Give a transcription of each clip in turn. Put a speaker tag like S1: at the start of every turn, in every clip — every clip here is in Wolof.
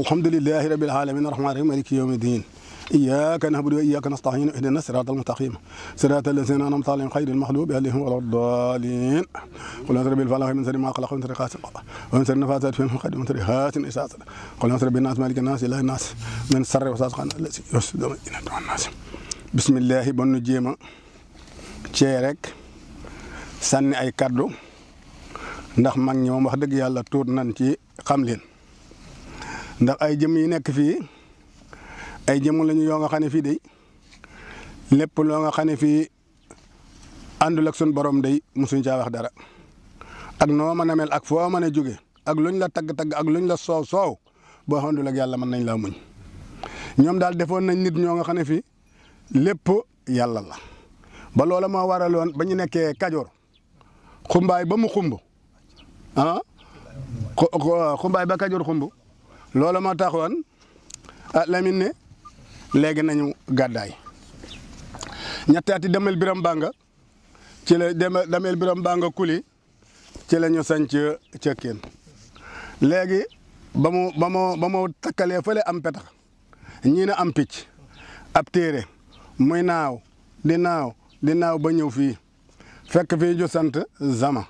S1: alhamdulilahi rabil alamin arahmani rahim maliki yawmi din iyyaka na'budu wa iyyaka nasta'in ihdina siratal mustaqim siratal ladzina an'amta alayhim ghayril maghdubi alayhim waladdallin qul a'udhu birabbil falaq min sharri ma khalaq wa min sharri ghasiqin wa sharri nafathati fil 'uqad wa sharri hasidin idha hasad qul a'udhu birabbin nas malikin nas ilahin nas min sharri wasawsil khannas bismillah bon jéema cee rek sànni ay kaddu ndax mag ñi moom wax dëgg yàlla tuut nan ci xam leen ndax ay jëm yi nekk fii ay jëmm lañu yoo nga xam ne fii day lépp loo nga xam ne fii àndul ak suñ borom day musuñ caa wax dara ak noo mën a mel ak foo mën jóge ak luñ la tagg-tagg ak luñ la soow soow boo àndul ak yàlla mën nañ laa muñ ñoom daal defoon nañ nit ñoo nga xam ne fii lépp yàlla la ba loola moo waraloon ba ñu nekkee Kajoor xumbaay ba mu xumb ah xumbaay ba Kajoor xumb loolu moo taxoon ah Lamine ne léegi nañu gàddaay ñettaati ati biram bànga ci la demel biram bànga kuli ci la ñu sanc cëkkeen léegi ba mu ba mu ba mu takkalee fële am petax ñii am picc ab téere muy naaw di naaw di naaw ba ñëw fii fekk fii ju sant zama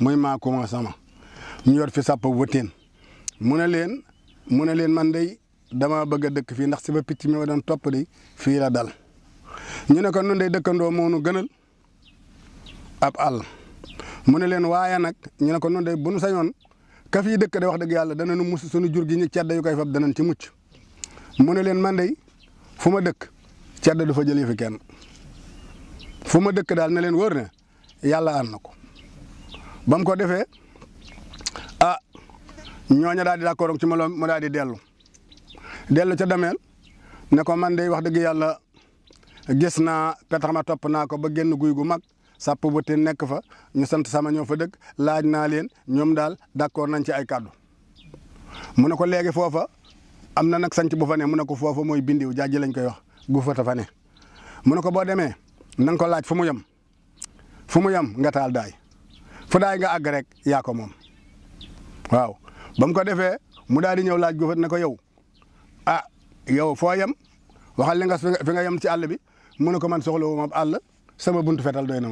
S1: muy maakuma sama ñu yor fi sàpp wëteen mu ne leen mu ne leen man dey dama bëgg a dëkk fii ndax si ba picc mi ma doon topp di fii la dal ñu ne ko nun day dëkkandoo moo nu gënal ab àll mu ne leen waaye nag ñu ne ko nun day bu nu sañoon ka fii dëkk de wax dëgg yàlla dana nu mus suñu jur gi ñu cedda yu koy fab danañ ci mucc mu ne leen man day fu ma dëkk cedda du fa jëlee fi kenn fu ma dëkk daal ne leen wër ne yàlla ànd na ko ba ko defee ñooña daal di d'accord ci ma loo ma daal di dellu dellu ca dameel ne ko man de wax dëgg yàlla gis naa petax ma topp naa ko ba génn guy gu mag sàpp bu te nekk fa ñu sant sama ñoo fa dëkk laaj naa leen ñoom daal d'accord nañ ci ay kàddu mu ne ko léegi foofa am na nag sanc bu fa ne mun ne ko foofa mooy bindiw jaaji lañ koy wax gu fa fa ne mu ne ko boo demee na ko laaj fu mu yem fu mu yem nga taal daay fu daay nga àgg rek yaa ko moom waaw ba mu ko defee mu daal di ñëw laaj góofat ne ko yow a ah, yow foo yem waxal li nga fi nga yem ci àll bi mu ne ko man soxla wu ma àll sama buntu fetal doy na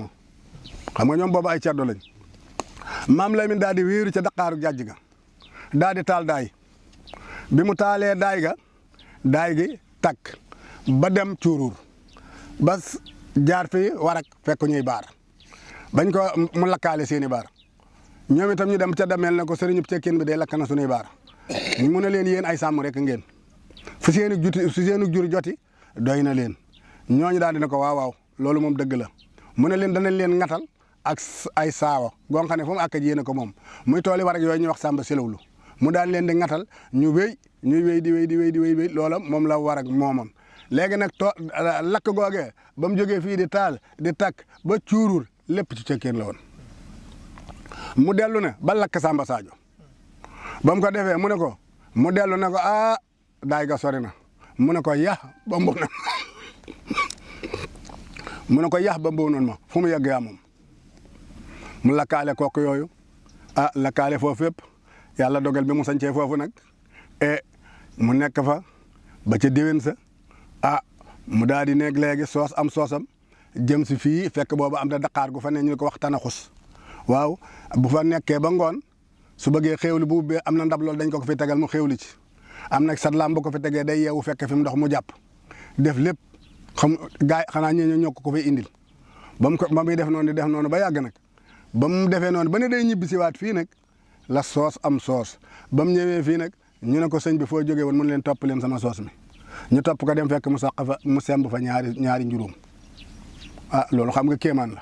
S1: xam nga ñoom boobu ay ceddo lañ maam Lamine daal di wéeru ca daqaaru jàjj ga daal di taal daay bi mu taalee daay ga daay gi takk ba dem cuuruur ba jaar fi warak fekk ñuy baar bañ ko mu lakkaale seeni baar ñoom itam ñu dem ca dameel ne ko sëriñub cekkeen bi day lakk na suñuy mu ne leen yéen ay sàmm rek ngeen fu seen i juti fu seen i joti doy na leen ñooñu daal dina ko waawaaw loolu moom dëgg la mu ne leen danañ leen ngatal ak ay saawa goo xam ne fu mu àkk yéen ko moom muy tool yi war ak yooyu ñuy wax sàmba silawlu mu daan leen di ngatal ñu wéy ñuy wéy di wéy di wéy di wéy loola moom la war ak moomoon léegi nag too lakk googee ba mu jógee fii di taal di takk ba cuurur lépp ci cekkeen la woon mu dellu ne ba lakk Samba Sadio ba mu ko defee mu ne ko mu dellu ne ko ah daay ga sori na mu ne ko yax ba mbow ne ko yax ba mbow noonu ma fu mu yegg yaa moom mu lakkaale kooku yooyu ah lakkaale foofu yëpp yàlla dogal bi mu sañcee foofu nag e mu nekk fa ba ca déwén sa ah mu daal di nekk léegi soos am soosam jëm si fii fekk boobu am na daqaar gu fa ne ñu ko wax tanaxus waaw bu fa nekkee ba ngoon su bëggee xéewli bu bee am na ndab loolu dañ ko ko fi tegal mu xéewli ci am nag satlaam làmb ko fi tegee day yeewu fekk fi mu ndox mu jàpp def lépp xam gaay xanaa ñee ñoo ko fi indil ba mu ko ba muy def def noonu ba yàgg nag ba mu defee noonu ba ne day ñibbi siwaat fii nag la soos am soos ba mu ñëwee fii nag ñu ne ko sëñ bi foo jógee woon mun leen topp leen sama soos mi ñu topp ko dem fekk mu saq fa mu semb fa ñaari ñaari njuróom ah loolu xam nga kéemaan la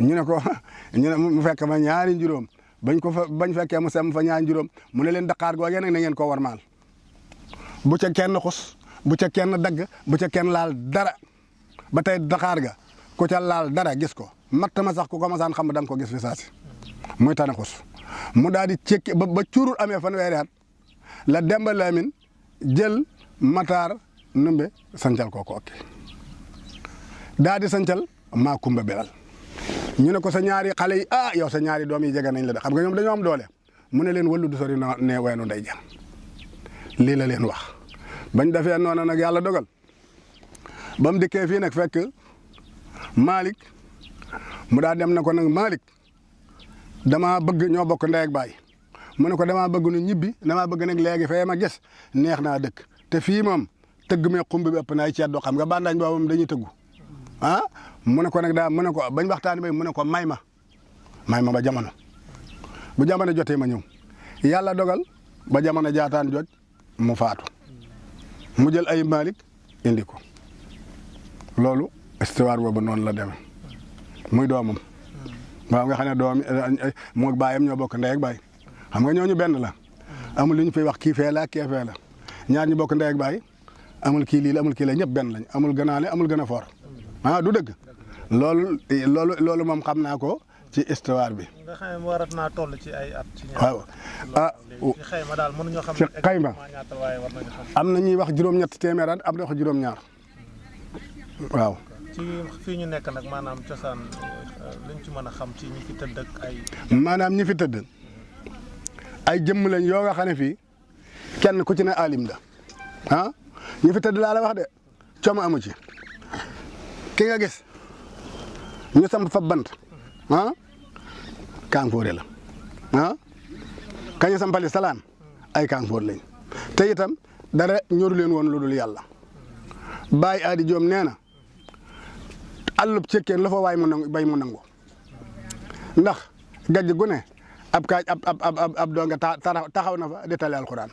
S1: ñu ko ñu ne mu fekk ma ñaari njuróom bañ ko fa bañ fekkee mu sem fa ñaari njuróom mu ne leen daqaar googee nag na ngeen ko warmaal bu ca kenn xus bu ca kenn dagg bu ca kenn laal dara ba tey daqaar ga ku ca laal dara gis ko matt ma sax ku ko masaan xam da nga ko gis fi saasi muy tane xus mu daal di cekki ba ba cuurul amee fanweeri at la Demba Lamine jël Matar Numbe sancal ko kooki daal di sancal maa kumba belal ñu ne ko sa ñaari xale yi ah yow sa ñaari doom yi jege nañ la de xam nga ñoom dañoo am doole mu ne leen wëllu du sori na ne weenu ndey ja lii la leen wax bañ defee noonu nag yàlla dogal ba mu dikkee fii nag fekk Malick mu daa dem na ko nag Malick damaa bëgg ñoo bokk ndey ak baay mu ne ko damaa bëgg nu ñibbi damaa bëgg nag léegi fee ma gis neex naa dëkk te fii moom tëgg me xumb bi ëpp na ay ceet doo xam nga bandaañ boobu dañuy tëggu ah mu ne ko nag daa mu ne ko bañ waxtaan bay mu ne ko may ma may ma ba jamono bu jamono jotee ma ñëw yàlla dogal ba jamono jaataan joj mu faatu mu jël ay malik indi ko loolu histoire boobu noonu la demee muy doomam waaw nga xam ne doom mu baayam ñoo bokk ndey ak baay xam nga ñooñu benn la amul lu ñu fiy wax kii fee la kii fee la ñaar ñu bokk ndey baay amul kii lii la amul kii ñëpp benn lañ amul gën a amul gën a fort ah du dëgg loolu loolu moom xam naa ko ci histoire bi. naa toll ci ay ah, xayma daal mënuñoo xam. ci am na ñuy wax juróom-ñett téeméer am na wax juróom-ñaar waaw. ci ñu nekk nag maanaam cosaan euh, xam ci fi tëdd ay. maanaam ñi fi tëdd jëmm lañ yoo nga xam fii kenn ku ci ne alim la ah fi tëdd laa la wax de coomo amu ci. ki nga gis ñu samp fa bant ah kankoore la ah sampali salaan ay kankoor lañ te itam dara ñoru leen woon lu dul yàlla bàyyi aadi joom nee na àllub cekkeen la fa waay mu nangu bay mu nangu ndax gajj gu ab kaaj ab ab ab ab taxaw na fa di tali alxuraan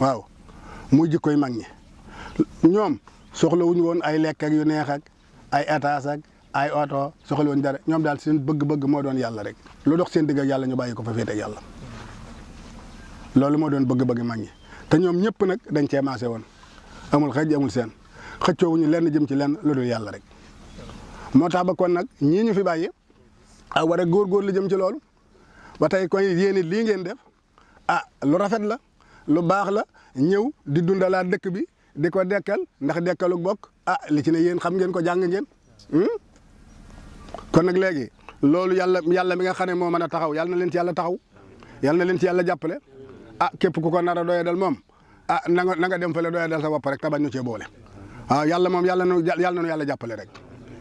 S1: waaw muy jikkoy mag ñi ñoom soxla wuñu woon ay lekk yu neex ak ay étage ak ay oto soxla woon dara ñoom daal si bëgg-bëgg moo doon yàlla rek lu dox seen digg yàlla ñu bàyyi ko fa féete ak yàlla loolu moo doon bëgg-bëgg mag te ñoom ñëpp nag dañ cee maase woon amul xëj amul seen ñu lenn jëm ci lenn lu dul yàlla rek moo tax kon nag ñii ñu fi bàyyi a war a góor lu jëm ci loolu ba tey kon yéen lii ngeen def ah lu rafet la lu baax la ñëw di dundalaat dëkk bi di ko dekkal ndax dekkaluk bokk ah li ci ne yéen xam ngeen ko jàng ngeen. Hmm? kon nag léegi loolu yàlla yàlla mi nga xam ne moo mën a taxaw yàlla na leen ci yàlla taxaw yàlla na leen ci yàlla jàppale ah képp ku ko nar a doyee dal moom ah na nga na nga dem fële doyee dal sa bopp rek tabañ ñu cee boole. waaw ah, yàlla moom yàlla na yàlla na yàlla jàppale rek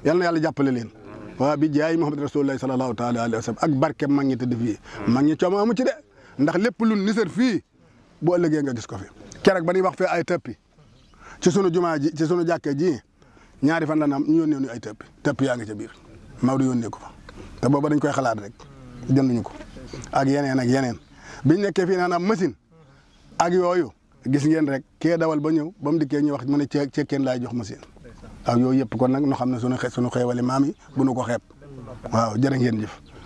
S1: yàlla na yàlla jàppale leen waaw bi jaay Muhammad Rasulullah sallallahu taala alayhi wa sallam ak barke mag ñi tëdd fii mag ñi coomo amu ci de ndax lépp lu nisër fii boo legee nga gis ko fi keroog ba ñuy wax fee ay tëppi ci sunu jumaa ji ci sunu jàkkee ji ñaari fan la ñu am ñu yónnee ñu ay tëpp tëpp yaa ngi ca biir Maodo yónnee ko fa te booba dañ koy xalaat rek jënduñu ko ak yeneen ak yeneen biñ nekkee fii naan am machine ak yooyu gis geen rek kee dawal ba ñëw ba mu dikkee ñu wax mu ne cee cee kenn laay jox machine ak yooyu yëpp kon nag ñu na ne sunu xe sunu xeewali maam bu nu ko xeeb waaw jërë ngeen jëf.